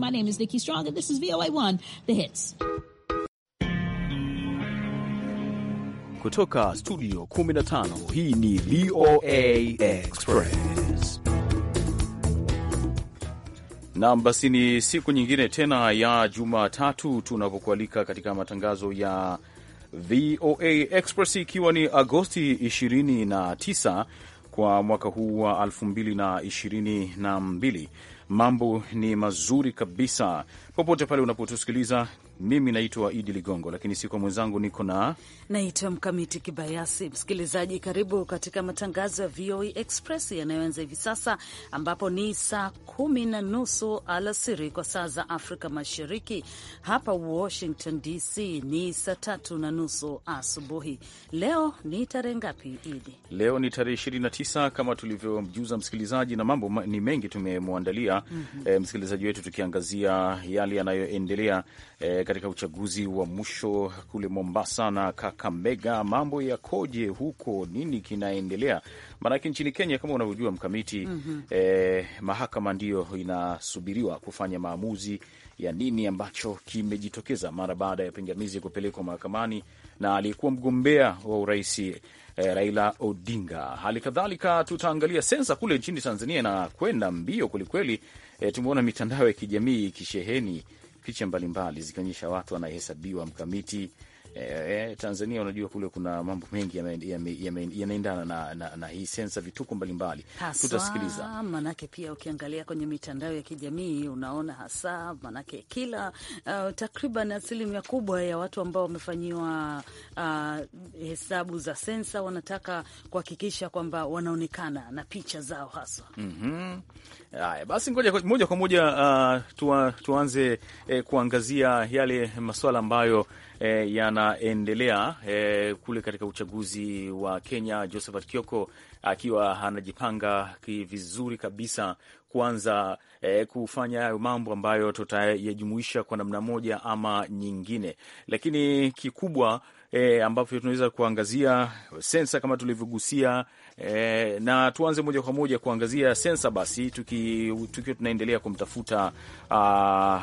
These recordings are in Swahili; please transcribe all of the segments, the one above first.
My name is Nikki Strong, and this is VOA1 The Hits. Kutoka studio 15, hii ni VOA Express. Nam, basi ni siku nyingine tena ya Jumatatu tunapokualika katika matangazo ya VOA Express, ikiwa ni Agosti 29 kwa mwaka huu wa 2022 Mambo ni mazuri kabisa, popote pale unapotusikiliza mimi naitwa Idi Ligongo, lakini si kwa mwenzangu, niko na naitwa Mkamiti Kibayasi. Msikilizaji, karibu katika matangazo ya VOA e Express yanayoanza hivi sasa, ambapo ni saa kumi na nusu alasiri kwa saa za Afrika Mashariki. Hapa Washington DC ni saa tatu na nusu asubuhi. Leo ni tarehe ngapi, Idi? Leo ni tarehe 29 kama tulivyomjuza msikilizaji, na mambo ni mengi tumemwandalia. mm -hmm. E, msikilizaji wetu tukiangazia yale yanayoendelea e, katika uchaguzi wa mwisho kule Mombasa na Kakamega, mambo yakoje huko? Nini kinaendelea? Maanake nchini Kenya kama unavyojua mkamiti, mm -hmm. eh, mahakama ndiyo inasubiriwa kufanya maamuzi ya nini ambacho kimejitokeza mara baada ya pingamizi kupelekwa mahakamani na aliyekuwa mgombea wa urais eh, Raila Odinga. Hali kadhalika tutaangalia sensa kule nchini Tanzania na kwenda mbio kwelikweli. Eh, tumeona mitandao ya kijamii ikisheheni picha mbalimbali zikionyesha watu wanahesabiwa mkamiti Eh, eh, Tanzania unajua kule kuna mambo mengi yanaendana na, na, na hii sensa, vituko mbalimbali tutasikiliza. Manake pia ukiangalia kwenye mitandao ya kijamii unaona hasa, manake kila uh, takriban asilimia kubwa ya watu ambao wamefanyiwa uh, hesabu za sensa wanataka kuhakikisha kwamba wanaonekana na picha zao haswa. mm haya Basi ngoja moja kwa moja uh, tuanze eh, kuangazia yale masuala ambayo eh, yanaendelea eh, kule katika uchaguzi wa Kenya, Josephat Kioko akiwa anajipanga vizuri kabisa kuanza eh, kufanya hayo mambo ambayo tutayajumuisha kwa namna moja ama nyingine, lakini kikubwa E, ambavyo tunaweza kuangazia sensa kama tulivyogusia E, na tuanze moja kwa moja kuangazia sensa basi, tukiwa tuki tunaendelea kumtafuta uh,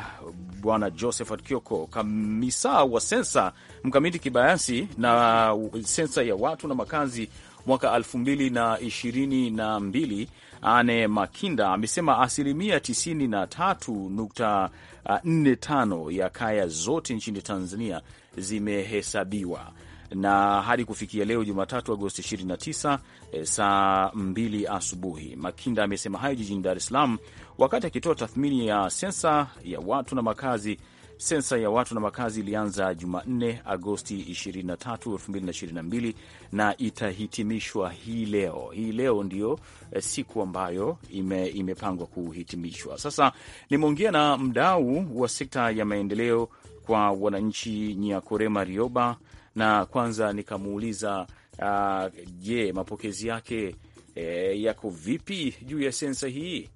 bwana Josephat Kioko, kamisa wa sensa mkamiti kibayasi na sensa ya watu na makazi mwaka elfu mbili na ishirini na mbili. Ane Makinda amesema asilimia 93.45 ah, ya kaya zote nchini Tanzania zimehesabiwa na hadi kufikia leo Jumatatu Agosti 29 eh, saa 2 asubuhi. Makinda amesema hayo jijini Dar es Salaam wakati akitoa tathmini ya sensa ya watu na makazi. Sensa ya watu na makazi ilianza Jumanne Agosti 23, 2022 na itahitimishwa hii leo. Hii leo ndiyo eh, siku ambayo ime, imepangwa kuhitimishwa. Sasa nimeongea na mdau wa sekta ya maendeleo kwa wananchi Nyakorema Rioba na kwanza nikamuuliza ah, je, uh, mapokezi yake eh, yako vipi juu ya sensa hii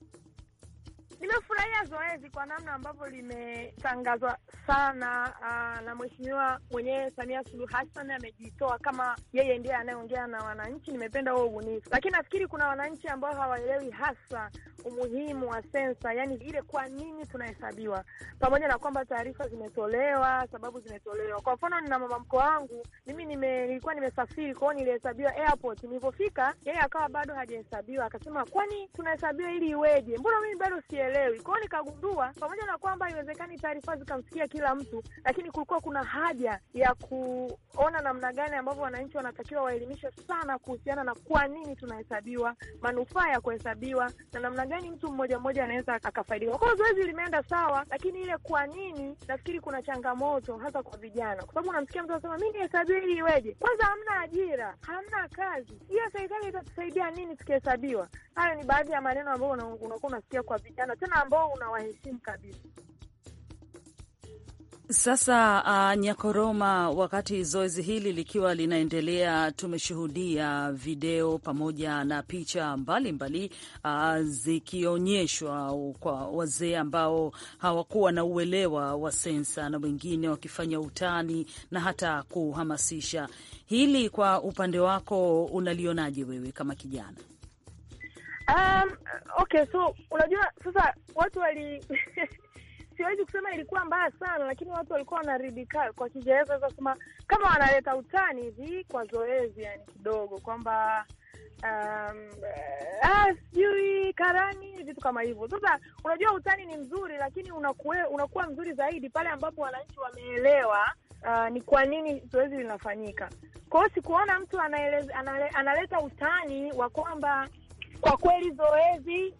Nimefurahia zoezi kwa namna ambavyo limetangazwa sana aa, ah, na mheshimiwa mwenyewe Samia Suluhu Hassan amejitoa kama yeye ndiye anayeongea na wananchi. Nimependa huo ubunifu, lakini nafikiri kuna wananchi ambao hawaelewi hasa umuhimu wa sensa, yani ile kwa nini tunahesabiwa, pamoja na kwamba taarifa zimetolewa, sababu zimetolewa. Kwa mfano, nina mama mko wangu mimi nime, nilikuwa nimesafiri kwao, nilihesabiwa airport. Nilipofika yeye akawa bado hajahesabiwa, akasema kwani tunahesabiwa ili iweje? Mbona mimi bado sie hatuelewi. Kwao nikagundua, pamoja na kwamba haiwezekani taarifa zikamfikia kila mtu, lakini kulikuwa kuna haja ya kuona namna gani ambavyo wananchi wanatakiwa waelimishwe sana kuhusiana na kwa nini tunahesabiwa, manufaa ya kuhesabiwa na namna gani mtu mmoja mmoja anaweza akafaidika. Kwao zoezi limeenda sawa, lakini ile kwa nini, nafikiri kuna changamoto hasa kwa vijana, kwa sababu unamsikia mtu anasema mi nihesabiwe ili iweje? Kwanza hamna ajira, hamna kazi. Hiyo serikali itatusaidia nini tukihesabiwa? Hayo ni baadhi ya maneno ambayo unakuwa unasikia kwa vijana, tena ambao unawaheshimu kabisa. Sasa uh, Nyakoroma, wakati zoezi hili likiwa linaendelea, tumeshuhudia video pamoja na picha mbalimbali uh, zikionyeshwa kwa wazee ambao hawakuwa na uelewa wa sensa na wengine wakifanya utani na hata kuhamasisha hili. Kwa upande wako unalionaje wewe kama kijana? Um, okay, so unajua sasa watu wali siwezi kusema ilikuwa mbaya sana, lakini watu walikuwa wanaridhika kwa Kiingereza kusema kama wanaleta utani hivi kwa zoezi, yani kidogo kwamba um, uh, sijui karani vitu kama hivyo. Sasa unajua utani ni mzuri, lakini unakue, unakuwa mzuri zaidi pale ambapo wananchi wameelewa uh, ni kwa nini zoezi linafanyika. Kwa hiyo sikuona mtu analeza, analeta utani wa kwamba kwa kweli zoezi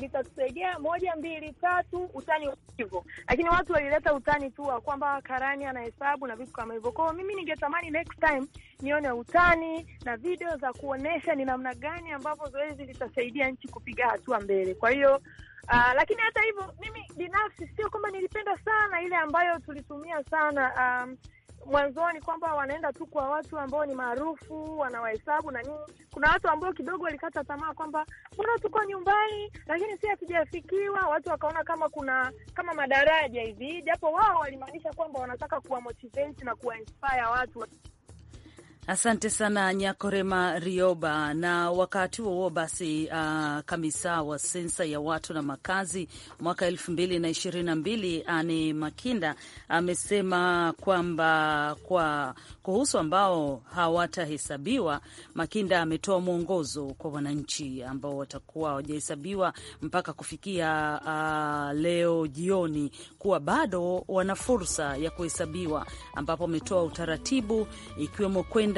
litatusaidia moja, mbili, tatu, utani hivyo, lakini watu walileta utani tu wa kwamba karani anahesabu na vitu kama hivyo. kwao mimi ningetamani next time nione utani na video za kuonesha ni namna gani ambavyo zoezi litasaidia nchi kupiga hatua mbele. Kwa hiyo Uh, lakini hata hivyo mimi binafsi sio kwamba nilipenda sana ile ambayo tulitumia sana um, mwanzoni kwamba wanaenda tu kwa watu ambao ni maarufu, wanawahesabu na nini. Kuna watu ambao kidogo walikata tamaa kwamba mbona tuko nyumbani, lakini si hatujafikiwa. Watu wakaona kama kuna kama madaraja hivi, japo wao walimaanisha kwamba wanataka kuwa motivate na kuwa inspire watu. Asante sana Nyakorema Rioba. Na wakati huo basi, uh, kamisa wa sensa ya watu na makazi mwaka elfu mbili na ishirini na mbili Ane Makinda amesema kwamba kwa kuhusu ambao hawatahesabiwa, Makinda ametoa mwongozo kwa wananchi ambao watakuwa hawajahesabiwa mpaka kufikia uh, leo jioni, kuwa bado wana fursa ya kuhesabiwa, ambapo ametoa utaratibu ikiwemo kwenda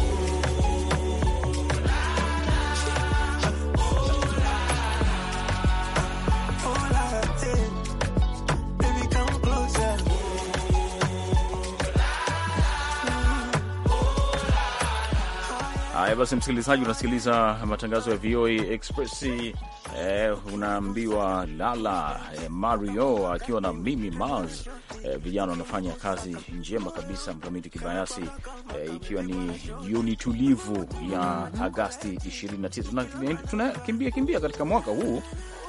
Haya basi, msikilizaji, unasikiliza matangazo ya VOA Express. Eh, unaambiwa lala eh, Mario akiwa na mimi Mars eh, vijana wanafanya kazi njema kabisa, mkamiti kibayasi eh, ikiwa ni juni tulivu ya Agasti 29 tunakimbia kimbia katika mwaka huu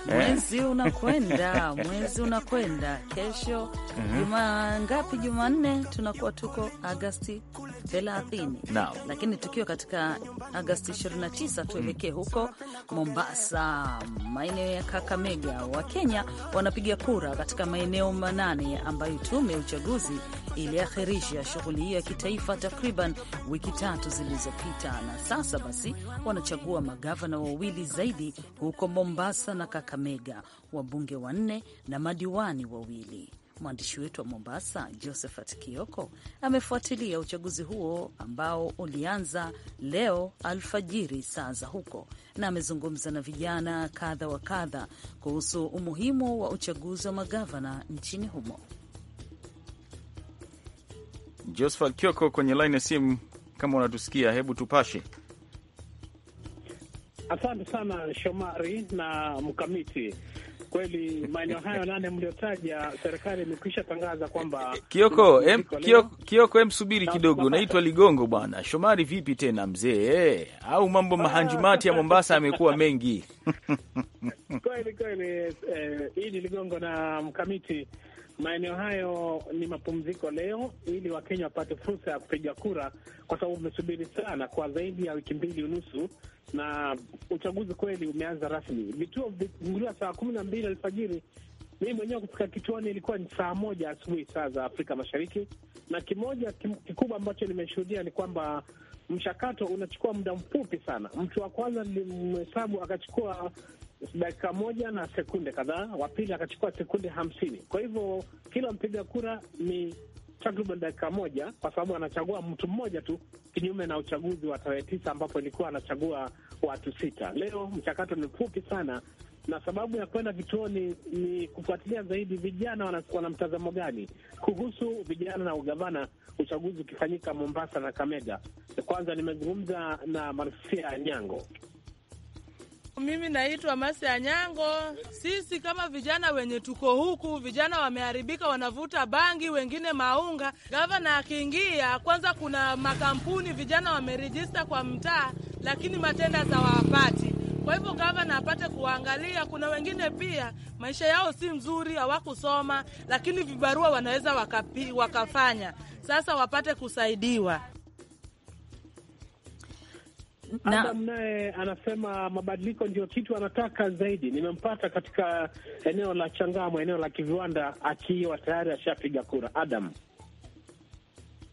Eh? mwezi unakwenda, mwezi unakwenda. Kesho -hmm. ngapi? Jumanne tunakuwa tuko Agasti 30, lakini tukiwa katika Agasti 29 mm. tuelekee huko Mombasa, maeneo ya Kakamega. Wakenya wanapiga kura katika maeneo manane ambayo tume ya uchaguzi iliakhirisha shughuli hiyo ya kitaifa takriban wiki tatu zilizopita, na sasa basi wanachagua magavana wawili zaidi huko Mombasa na Kakamega, wabunge wanne na madiwani wawili. Mwandishi wetu wa Mombasa, Josephat Kioko, amefuatilia uchaguzi huo ambao ulianza leo alfajiri saa za huko, na amezungumza na vijana kadha wa kadha kuhusu umuhimu wa uchaguzi wa magavana nchini humo. Josephat Kioko kwenye laini ya simu, kama unatusikia, hebu tupashe. Asante sana Shomari na Mkamiti. Kweli maeneo hayo nane mliotaja, serikali imekwisha tangaza kwamba Kioko em, Kioko, Kioko em, subiri kidogo, naitwa Ligongo bwana. Shomari vipi tena mzee, au mambo ah, mahanjumati ya Mombasa yamekuwa mengi kweli kweli. Eh, eh ni Ligongo na Mkamiti Maeneo hayo ni mapumziko leo, ili Wakenya wapate fursa ya kupiga kura, kwa sababu umesubiri sana kwa zaidi ya wiki mbili unusu, na uchaguzi kweli umeanza rasmi. Vituo vilifunguliwa saa kumi na mbili alfajiri. Mimi mwenyewe kufika kituoni ilikuwa ni saa moja asubuhi, saa za Afrika Mashariki. Na kimoja kikubwa ambacho nimeshuhudia ni kwamba mchakato unachukua muda mfupi sana. Mtu wa kwanza nilimhesabu akachukua dakika moja na sekunde kadhaa, wa pili akachukua sekunde hamsini. Kwa hivyo kila mpiga kura ni takriban dakika moja, kwa sababu anachagua mtu mmoja tu, kinyume na uchaguzi wa tarehe tisa ambapo ilikuwa anachagua watu sita. Leo mchakato ni mfupi sana, na sababu ya kwenda vituoni ni kufuatilia zaidi vijana wana, mtazamo gani kuhusu vijana na ugavana, uchaguzi ukifanyika Mombasa na Kamega. Kwanza nimezungumza na Marsia Nyango. Mimi naitwa Masi Anyango. Sisi kama vijana wenye tuko huku, vijana wameharibika, wanavuta bangi, wengine maunga. Gavana akiingia, kwanza kuna makampuni vijana wamerejista kwa mtaa, lakini matenda zawapati. Kwa hivyo gavana apate kuwaangalia. Kuna wengine pia maisha yao si mzuri, hawakusoma, lakini vibarua wanaweza wakapi, wakafanya. Sasa wapate kusaidiwa. Adam naye anasema mabadiliko ndio kitu anataka zaidi. Nimempata katika eneo la Changamwe, eneo la kiviwanda, akiwa tayari ashapiga kura. Adam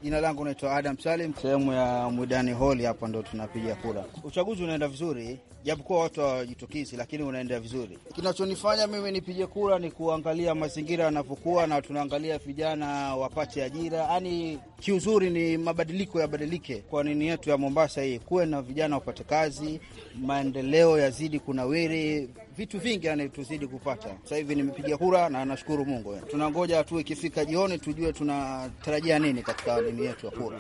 Jina langu naitwa Adam Salim, sehemu ya Mwidani holi hapa ndo tunapiga kura. Uchaguzi unaenda vizuri, japokuwa watu hawajitokezi, lakini unaenda vizuri. Kinachonifanya mimi nipige kura ni kuangalia mazingira yanavyokuwa, na tunaangalia vijana wapate ajira. Yani kiuzuri ni mabadiliko yabadilike kwa nini yetu ya Mombasa hii, kuwe na vijana wapate kazi, maendeleo yazidi kunawiri vitu vingi yani tuzidi kupata. Sasa hivi nimepiga kura na nashukuru Mungu. Tunangoja tu ikifika jioni tujue tunatarajia nini katika dini yetu ya kura.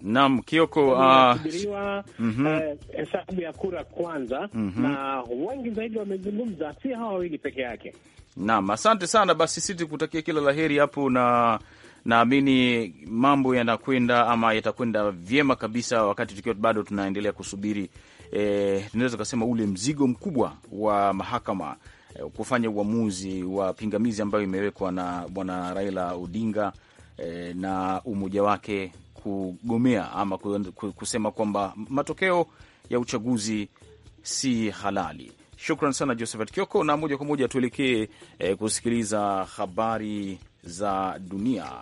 Naam, Kioko, ah, asubiriwa uh, mhm. eh, mm -hmm. hesabu ya kura kwanza mm -hmm. na wengi zaidi wamezungumza, si hawa wawili peke yake. Naam, asante sana basi, sisi tukutakia kila la heri hapo, na naamini mambo yanakwenda ama yatakwenda vyema kabisa, wakati tukiwa bado tunaendelea kusubiri e, tunaweza ule mzigo mkubwa wa mahakama e, kufanya uamuzi wa pingamizi ambayo imewekwa na bwana Raila Odinga e, na umoja wake kugomea ama kusema kwamba matokeo ya uchaguzi si halali. Shukran sana Josephat Kioko, na moja kwa moja tuelekee e, kusikiliza habari za dunia.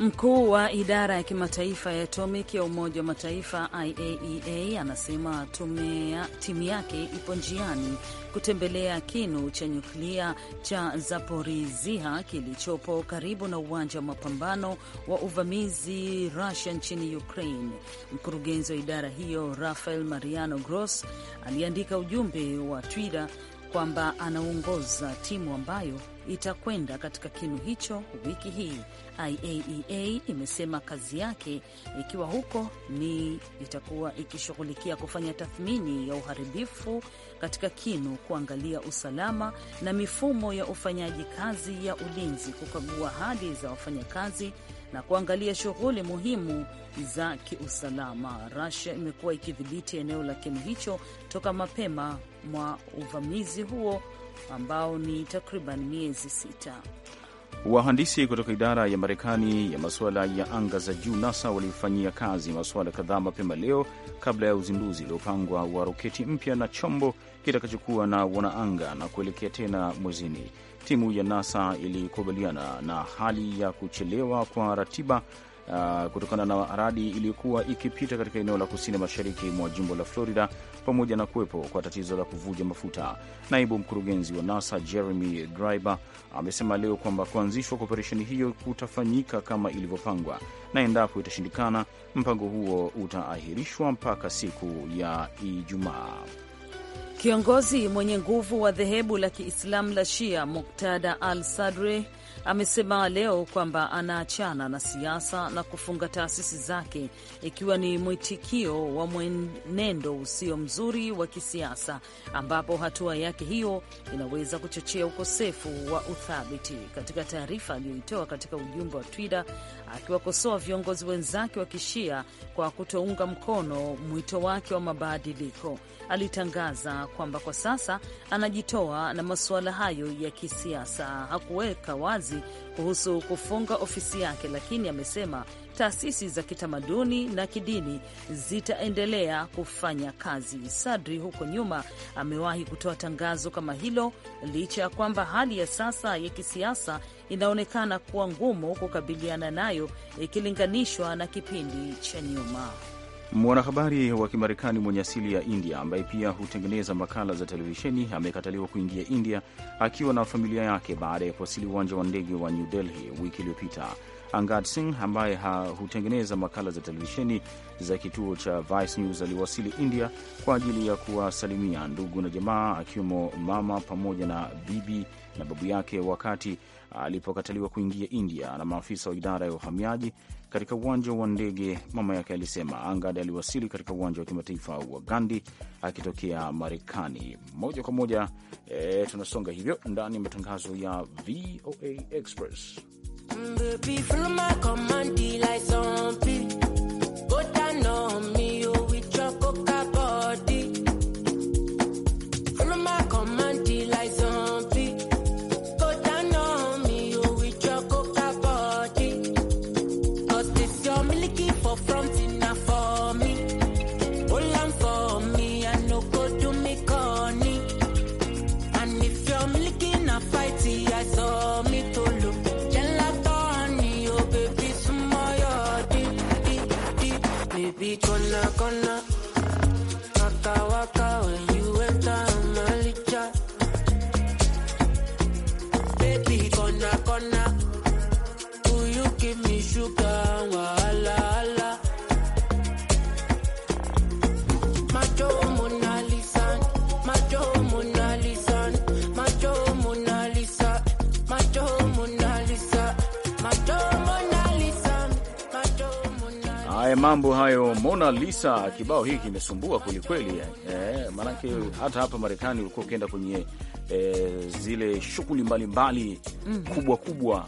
Mkuu wa idara ya kimataifa ya atomic ya Umoja wa Mataifa, IAEA, e anasema timu yake ipo njiani kutembelea kinu cha nyuklia cha Zaporizhia kilichopo karibu na uwanja wa mapambano wa uvamizi Rusia nchini Ukraine. Mkurugenzi wa idara hiyo Rafael Mariano Gross aliandika ujumbe wa Twitter kwamba anaongoza timu ambayo itakwenda katika kinu hicho wiki hii. IAEA e imesema kazi yake ikiwa huko ni itakuwa ikishughulikia kufanya tathmini ya uharibifu katika kinu, kuangalia usalama na mifumo ya ufanyaji kazi ya ulinzi, kukagua hadi za wafanyakazi na kuangalia shughuli muhimu za kiusalama. rasia imekuwa ikidhibiti eneo la kinu hicho toka mapema mwa uvamizi huo ambao ni takriban miezi sita. Wahandisi kutoka idara ya Marekani ya masuala ya anga za juu NASA walifanyia kazi masuala kadhaa mapema leo kabla ya uzinduzi uliopangwa wa roketi mpya na chombo kitakachokuwa na wanaanga na kuelekea tena mwezini. Timu ya NASA ilikubaliana na hali ya kuchelewa kwa ratiba uh, kutokana na radi iliyokuwa ikipita katika eneo la kusini mashariki mwa jimbo la Florida pamoja na kuwepo kwa tatizo la kuvuja mafuta. Naibu mkurugenzi wa NASA Jeremy Griber amesema leo kwamba kuanzishwa kwa operesheni hiyo kutafanyika kama ilivyopangwa, na endapo itashindikana, mpango huo utaahirishwa mpaka siku ya Ijumaa. Kiongozi mwenye nguvu wa dhehebu la Kiislamu la Shia Muktada al Sadri amesema leo kwamba anaachana na siasa na kufunga taasisi zake ikiwa ni mwitikio wa mwenendo usio mzuri wa kisiasa, ambapo hatua yake hiyo inaweza kuchochea ukosefu wa uthabiti. Katika taarifa aliyoitoa katika ujumbe wa Twitter akiwakosoa viongozi wenzake wa kishia kwa kutounga mkono mwito wake wa mabadiliko alitangaza kwamba kwa sasa anajitoa na masuala hayo ya kisiasa. Hakuweka wazi kuhusu kufunga ofisi yake, lakini amesema taasisi za kitamaduni na kidini zitaendelea kufanya kazi. Sadri huko nyuma amewahi kutoa tangazo kama hilo, licha ya kwamba hali ya sasa ya kisiasa inaonekana kuwa ngumu kukabiliana nayo ikilinganishwa na kipindi cha nyuma. Mwanahabari wa Kimarekani mwenye asili ya India ambaye pia hutengeneza makala za televisheni amekataliwa kuingia India akiwa na familia yake baada ya kuwasili uwanja wa ndege wa New Delhi wiki iliyopita. Angad Singh ambaye hutengeneza makala za televisheni za kituo cha Vice News aliwasili India kwa ajili ya kuwasalimia ndugu na jamaa akiwemo mama pamoja na bibi na babu yake wakati alipokataliwa kuingia India na maafisa wa idara ya uhamiaji katika uwanja wa ndege. Mama yake alisema Angad aliwasili katika uwanja wa kimataifa wa Gandhi akitokea Marekani. Moja kwa moja e, tunasonga hivyo ndani ya matangazo ya VOA Express. con la mambo hayo, Mona Lisa. Kibao hiki kimesumbua kwelikweli eh, eh maanake hata hapa Marekani ulikuwa ukienda kwenye eh, zile shughuli mbalimbali mm kubwa kubwa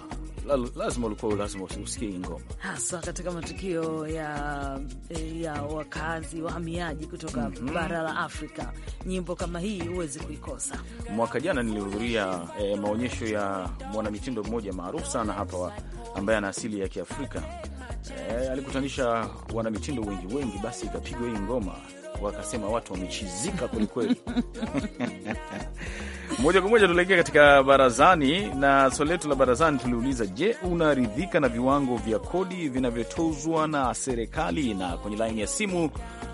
lazima ulikuwa lazima usikie ngoma hasa katika matukio ya, eh, ya wakazi wahamiaji kutoka mm -hmm. bara la Afrika. Nyimbo kama hii huwezi kuikosa. Mwaka jana nilihudhuria eh, maonyesho ya mwanamitindo mmoja maarufu sana hapa ambaye ana asili ya Kiafrika eh, alikutanisha wanamitindo wengi wengi, basi ikapigwa hii ngoma, wakasema watu wamechizika kwelikweli. Moja kwa moja tuelekea katika barazani, na swali letu la barazani tuliuliza, je, unaridhika na viwango vya kodi vinavyotozwa na serikali? Na kwenye laini ya simu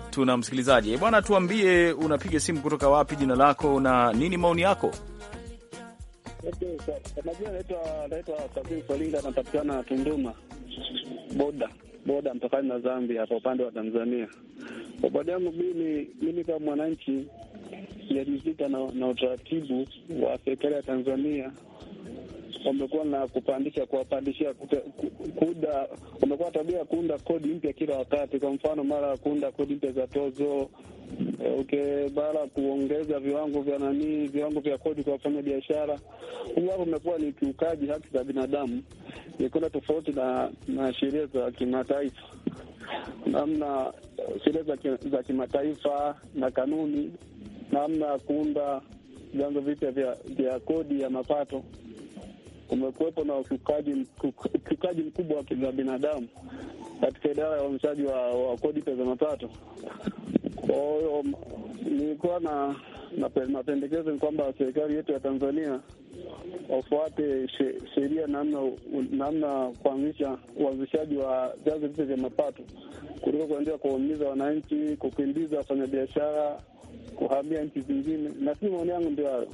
tuna msikilizaji. Bwana, tuambie unapiga simu kutoka wapi, jina lako na nini maoni yako? Majina naitwa naitwa Safiri Solinga, anapatikana Tunduma boda boda mpakani na Zambia, hapa upande wa Tanzania. Kwa upande wangu mimi, mimi kama mwananchi najiuzika na, na utaratibu wa serikali ya Tanzania wamekuwa na kupandisha kuwapandishia kuda, wamekuwa tabia ya kuunda kodi mpya kila wakati. Kwa mfano, mara ya kuunda kodi mpya za tozo, Okay, eh, kuongeza viwango vya nani, viwango vya kodi kwa wafanya biashara, huu hapo umekuwa ni kiukaji haki za binadamu, ikienda tofauti na na sheria za kimataifa, namna sheria za kimataifa na kanuni, namna ya kuunda vyanzo vipya vya, vya kodi ya mapato kumekuwepo na ukiukaji mkubwa wa haki za binadamu katika idara ya uamshaji wa, wa kodi pesa mapato Kwahiyo um, nilikuwa na mapendekezo ni kwamba serikali yetu ya Tanzania wafuate sheria namna namna kuanzisha uanzishaji wa vyanzo vipya vya mapato kuliko kuendelea kuwaumiza wananchi, kukimbiza wafanyabiashara kuhamia nchi zingine. na si maoni yangu ndio hayo.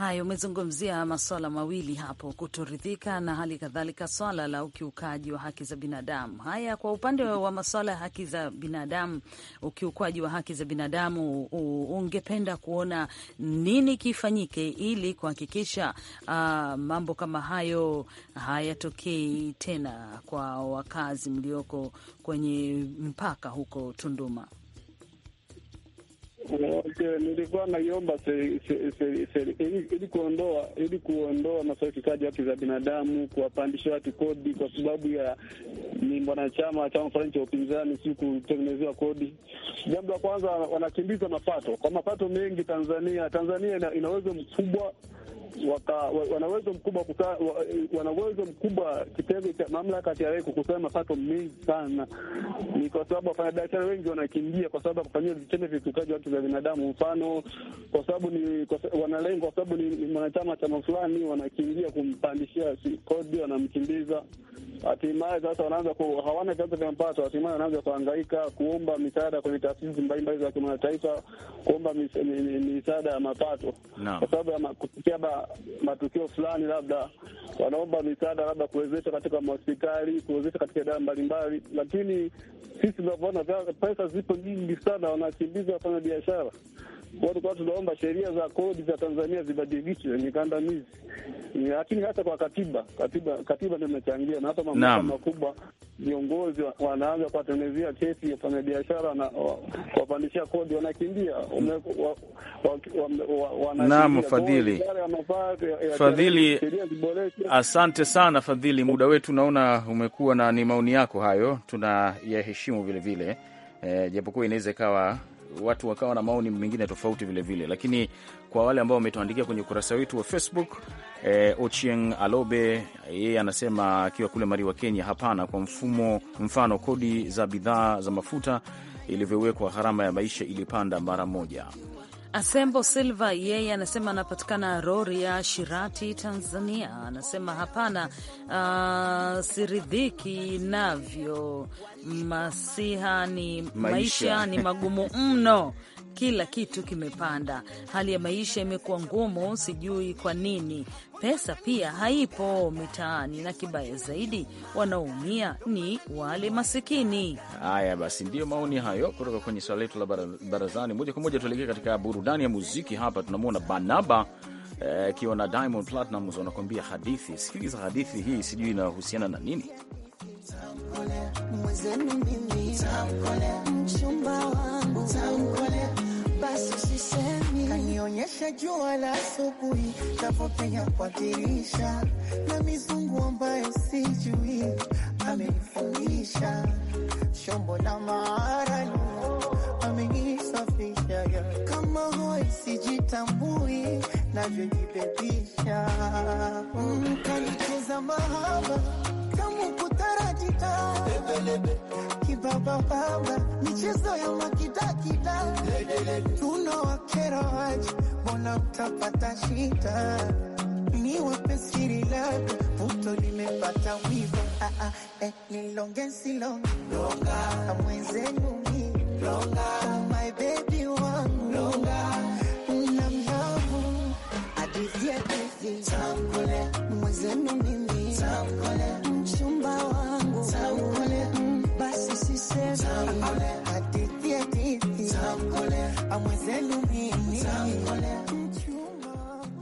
Haya, umezungumzia maswala mawili hapo, kutoridhika na hali kadhalika swala la ukiukaji wa haki za binadamu. Haya, kwa upande wa maswala ya haki za binadamu, ukiukwaji wa haki za binadamu, ungependa kuona nini kifanyike ili kuhakikisha uh, mambo kama hayo hayatokei tena kwa wakazi mlioko kwenye mpaka huko Tunduma? Okay, nilikuwa naiomba ili kuondoa ili kuondoa masaukizaji haki za binadamu, kuwapandisha watu kodi kwa sababu ya ni mwanachama chama fulani cha upinzani, si kutengenezewa kodi. Jambo la kwanza wanakimbiza mapato, kwa mapato mengi Tanzania. Tanzania ina, ina uwezo mkubwa wana uwezo mkubwa wana uwezo mkubwa kitengo cha mamlaka TRA kukusanya mapato mengi sana. Ni kwa sababu wafanyabiashara wengi wanakimbia kwa sababu ya vitendo vya ukiukaji wa haki za binadamu, mfano kwa sababu ni wanalengwa, kwa sababu ni mwanachama chama fulani, wanakimbia kumpandishia kodi, wanamkimbiza. Hatimaye sasa wanaanza hawana vyanzo vya mapato, hatimaye wanaanza kuhangaika kuomba misaada kwenye taasisi mbalimbali za kimataifa, kuomba misaada ya mapato kwa sababu ya kufikia matukio fulani, labda wanaomba misaada, labda kuwezesha katika mahospitali, kuwezesha katika idara mbalimbali, lakini sisi tunavyoona pesa zipo nyingi sana, wanakimbiza wafanya biashara tulikuwa tunaomba sheria za kodi za Tanzania zibadilishwe kandamizi lakini hata kwa katiba katiba katiba ndio imechangia, na hata mamlaka makubwa viongozi wanaanza kuwatengenezea kesi wafanyabiashara na kuwapandishia kodi, wanakimbia naam. Fadhili, Fadhili, asante sana Fadhili, muda wetu naona umekuwa, na ni maoni yako hayo tunayaheshimu vilevile, eh, japokuwa inaweza ikawa watu wakawa na maoni mengine tofauti vilevile vile. Lakini kwa wale ambao wametuandikia kwenye ukurasa wetu wa Facebook e, Ochieng Alobe yeye anasema akiwa kule Mariwa, Kenya, hapana kwa mfumo, mfano kodi za bidhaa za mafuta ilivyowekwa, gharama ya maisha ilipanda mara moja. Asembo Silva yeye anasema anapatikana Rorya, Shirati, Tanzania. Anasema hapana, uh, siridhiki navyo, masiha ni maisha, maisha ni magumu mno kila kitu kimepanda, hali ya maisha imekuwa ngumu, sijui kwa nini. Pesa pia haipo mitaani, na kibaya zaidi wanaoumia ni wale masikini. Haya basi, ndiyo maoni hayo kutoka kwenye swala letu la barazani. Moja kwa moja tuelekee katika burudani ya muziki. Hapa tunamwona Banaba eh, akiwa eh, na Diamond Platnumz wanakuambia hadithi. Sikiliza hadithi hii, sijui inahusiana na nini mwezenu mimi mchumba wangu basi sisemi, kanionyesha jua la asubuhi tapopenya kwa dirisha na mizungu ambayo sijui, amenifundisha shombo la maarani ameni unavyojibebisha mm, kanicheza mahaba kama kutarajita kibabababa michezo ya makidakida tunawakera waje, mbona utapata shida? ni wapesiri lako puto limepata wiva ah, ah, eh, nilonge silonge kamwenzenu mi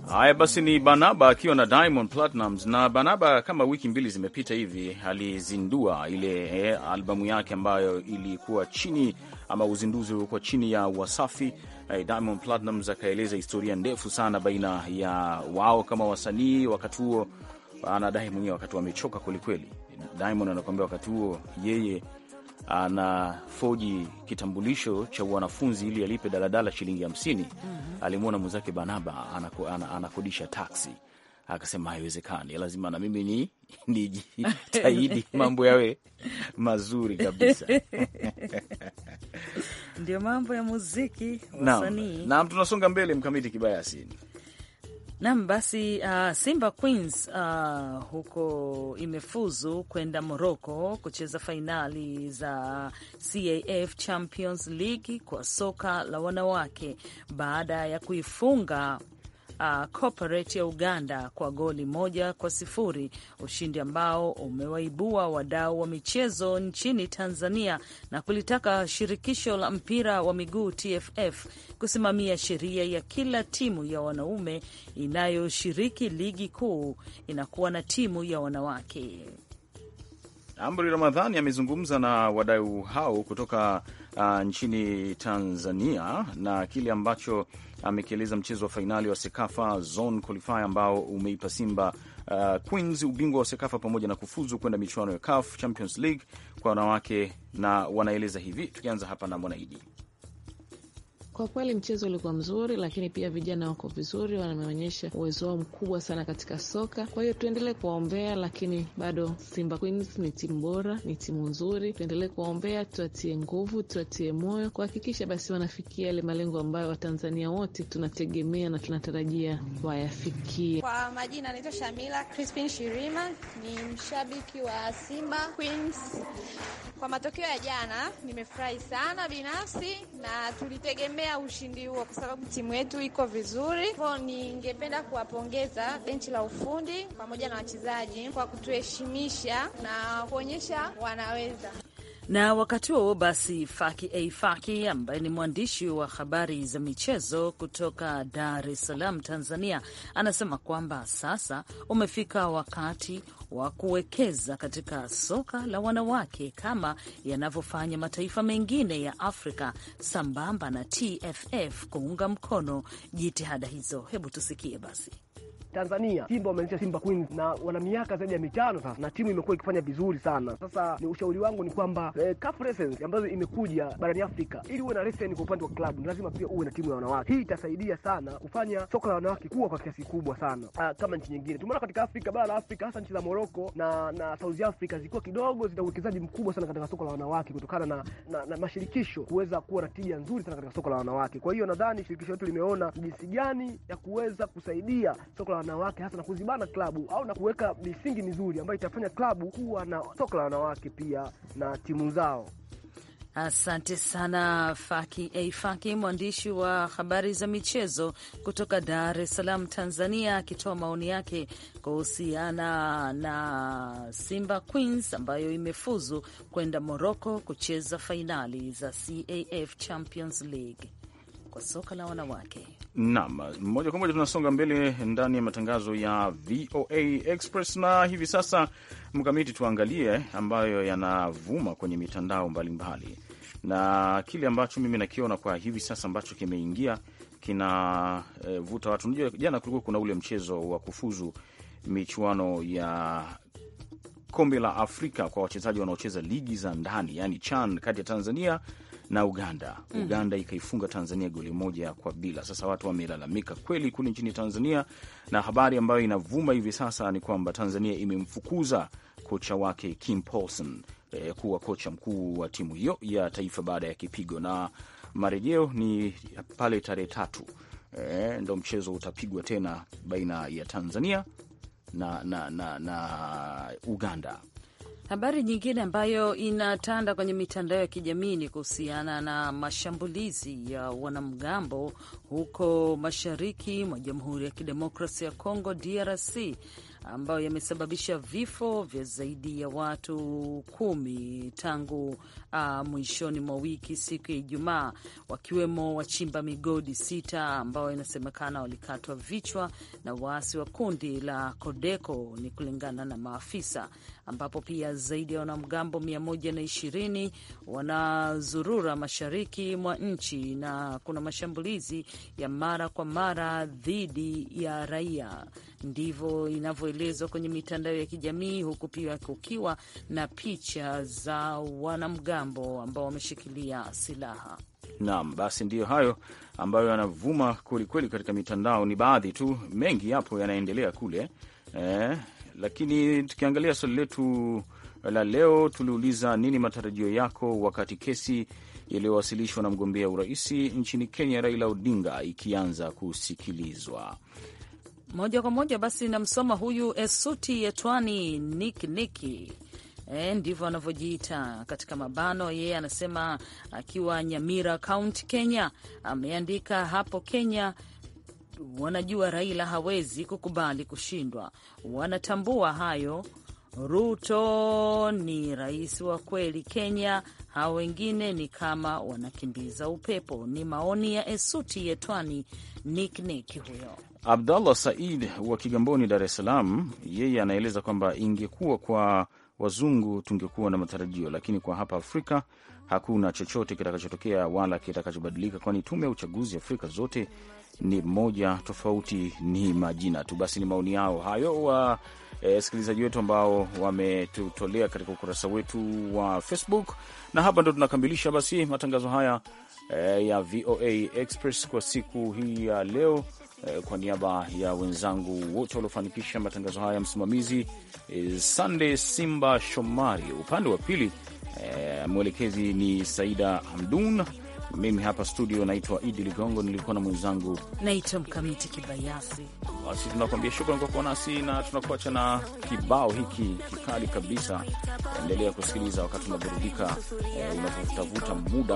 Haya basi, ni Banaba akiwa na Diamond Platnumz. Na Banaba kama wiki mbili zimepita hivi alizindua ile eh, albamu yake ambayo ilikuwa chini ama uzinduzi uliokuwa chini ya Wasafi. Eh, Diamond Platnumz akaeleza historia ndefu sana baina ya wao kama wasanii. Wakati huo anadai mwenyewe wakati wamechoka kwelikweli. Diamond anakuambia wakati huo yeye anafoji kitambulisho cha wanafunzi ili alipe daladala shilingi hamsini. mm -hmm. Alimwona mwenzake Banaba anako, an, anakodisha taksi, akasema haiwezekani, lazima na mimi nijitahidi ni mambo yawe mazuri kabisa. Ndio mambo ya muziki wasanii. Naam, tunasonga mbele mkamiti kibayasi Nam basi, uh, Simba Queens uh, huko imefuzu kwenda Morocco kucheza fainali za CAF Champions League kwa soka la wanawake baada ya kuifunga uh, Corporate ya Uganda kwa goli moja kwa sifuri, ushindi ambao umewaibua wadau wa michezo nchini Tanzania na kulitaka shirikisho la mpira wa miguu TFF kusimamia sheria ya kila timu ya wanaume inayoshiriki ligi kuu inakuwa na timu ya wanawake. Amri Ramadhani amezungumza na wadau hao kutoka uh, nchini Tanzania na kile ambacho amekieleza mchezo wa fainali wa Sekafa Zone Qualifier ambao umeipa Simba uh, Queens ubingwa wa Sekafa pamoja na kufuzu kwenda michuano ya CAF Champions League kwa wanawake, na wanaeleza hivi. Tukianza hapa na Mwanaidi kwa kweli mchezo ulikuwa mzuri, lakini pia vijana wako vizuri, wameonyesha uwezo wao mkubwa sana katika soka. Kwa hiyo tuendelee kuwaombea, lakini bado Simba Queens ni timu bora, ni timu nzuri. Tuendelee kuwaombea, tuwatie nguvu, tuwatie moyo, kuhakikisha basi wanafikia yale malengo ambayo Watanzania wote tunategemea na tunatarajia wayafikie. Kwa majina anaitwa Shamila Crispin Shirima, ni mshabiki wa Simba Queens. Kwa matokeo ya jana nimefurahi sana binafsi na tulitegemea kufurahia ushindi huo kwa sababu timu yetu iko vizuri. Hivyo ningependa kuwapongeza benchi la ufundi pamoja na wachezaji kwa kutuheshimisha na kuonyesha wanaweza. Na wakati huo basi, Faki A Faki ambaye ni mwandishi wa habari za michezo kutoka Dar es Salaam, Tanzania, anasema kwamba sasa umefika wakati wa kuwekeza katika soka la wanawake kama yanavyofanya mataifa mengine ya Afrika, sambamba na TFF kuunga mkono jitihada hizo. Hebu tusikie basi. Tanzania Simba wameanzisha Simba Queens na wana miaka zaidi ya mitano sasa, na timu imekuwa ikifanya vizuri sana. Sasa ni ushauri wangu ni kwamba eh, CAF Leseni ambazo imekuja barani Afrika, ili uwe na leseni kwa upande wa klabu, ni lazima pia uwe na timu ya wanawake. Hii itasaidia sana kufanya soka la wanawake kuwa kwa kiasi kubwa sana ah, kama nchi nyingine. Tumeona katika Afrika, bara la Afrika, hasa nchi za Morocco na na South Africa zilikuwa kidogo zina uwekezaji mkubwa sana katika soka la wanawake kutokana na, na, na mashirikisho kuweza kuwa na tija nzuri sana katika soka la wanawake. Kwa hiyo nadhani shirikisho letu limeona jinsi gani ya kuweza kusaidia soka la wanawake hasa na kuzibana klabu au na kuweka misingi mizuri ambayo itafanya klabu kuwa na soka la wanawake pia na timu zao. Asante sana Faki A hey, Faki, mwandishi wa habari za michezo kutoka Dar es Salaam, Tanzania, akitoa maoni yake kuhusiana na Simba Queens ambayo imefuzu kwenda Moroko kucheza fainali za CAF Champions League kwa soka la wanawake. Naam, moja kwa moja tunasonga mbele ndani ya matangazo ya VOA Express, na hivi sasa Mkamiti, tuangalie ambayo yanavuma kwenye mitandao mbalimbali Na kile ambacho mimi nakiona kwa hivi sasa ambacho kimeingia kinavuta e, watu. Unajua jana kulikuwa kuna ule mchezo wa kufuzu michuano ya kombe la Afrika kwa wachezaji wanaocheza ligi za ndani, yani CHAN kati ya Tanzania na Uganda mm. Uganda ikaifunga Tanzania goli moja kwa bila. Sasa watu wamelalamika kweli kule nchini Tanzania, na habari ambayo inavuma hivi sasa ni kwamba Tanzania imemfukuza kocha wake Kim Paulson eh, kuwa kocha mkuu wa timu hiyo ya taifa baada ya kipigo, na marejeo ni pale tarehe tatu eh, ndo mchezo utapigwa tena baina ya Tanzania na, na, na, na Uganda. Habari nyingine ambayo inatanda kwenye mitandao ya kijamii ni kuhusiana na mashambulizi ya wanamgambo huko mashariki mwa Jamhuri ya Kidemokrasia ya Kongo, DRC, ambayo yamesababisha vifo vya zaidi ya watu kumi tangu uh, mwishoni mwa wiki siku ya Ijumaa, wakiwemo wachimba migodi sita ambao inasemekana walikatwa vichwa na waasi wa kundi la Kodeko, ni kulingana na maafisa, ambapo pia zaidi ya wanamgambo 120 wanazurura mashariki mwa nchi na kuna mashambulizi ya mara kwa mara dhidi ya raia. Ndivyo inavyo yanavyoelezwa kwenye mitandao ya kijamii, huku pia kukiwa na picha za wanamgambo ambao wameshikilia silaha. Naam, basi ndiyo hayo ambayo yanavuma kwelikweli katika mitandao. Ni baadhi tu, mengi yapo yanaendelea kule eh, lakini tukiangalia swali letu la leo tuliuliza nini matarajio yako wakati kesi yaliyowasilishwa na mgombea uraisi nchini Kenya Raila Odinga ikianza kusikilizwa moja kwa moja basi namsoma huyu Esuti Yetwani Nikniki. E, eh, ndivyo anavyojiita katika mabano. Yeye anasema akiwa Nyamira kaunti Kenya. Ameandika hapo Kenya wanajua Raila hawezi kukubali kushindwa, wanatambua hayo Ruto ni rais wa kweli Kenya, hao wengine ni kama wanakimbiza upepo. Ni maoni ya Esuti Yetwani Niknik huyo. Abdallah Said wa Kigamboni, Dar es Salaam, yeye anaeleza kwamba ingekuwa kwa wazungu tungekuwa na matarajio, lakini kwa hapa Afrika hakuna chochote kitakachotokea wala kitakachobadilika, kwani tume ya uchaguzi Afrika zote ni moja tofauti ni majina tu. Basi ni maoni yao hayo wa eh, wasikilizaji e, wetu ambao wametutolea katika ukurasa wetu wa Facebook, na hapa ndo tunakamilisha basi matangazo haya e, ya VOA Express kwa siku hii ya leo. Eh, kwa niaba ya wenzangu wote waliofanikisha matangazo haya, msimamizi Sande Simba Shomari, upande wa pili mwelekezi ni Saida Hamdun. Mimi hapa studio naitwa Idi Ligongo, nilikuwa na mwenzangu naitwa Mkamiti Kibayasi. Basi tunakuambia shukran kwa kuwa nasi na tunakuacha na kibao hiki kikali kabisa. Endelea kusikiliza wakati unaburudika, eh, unavutavuta muda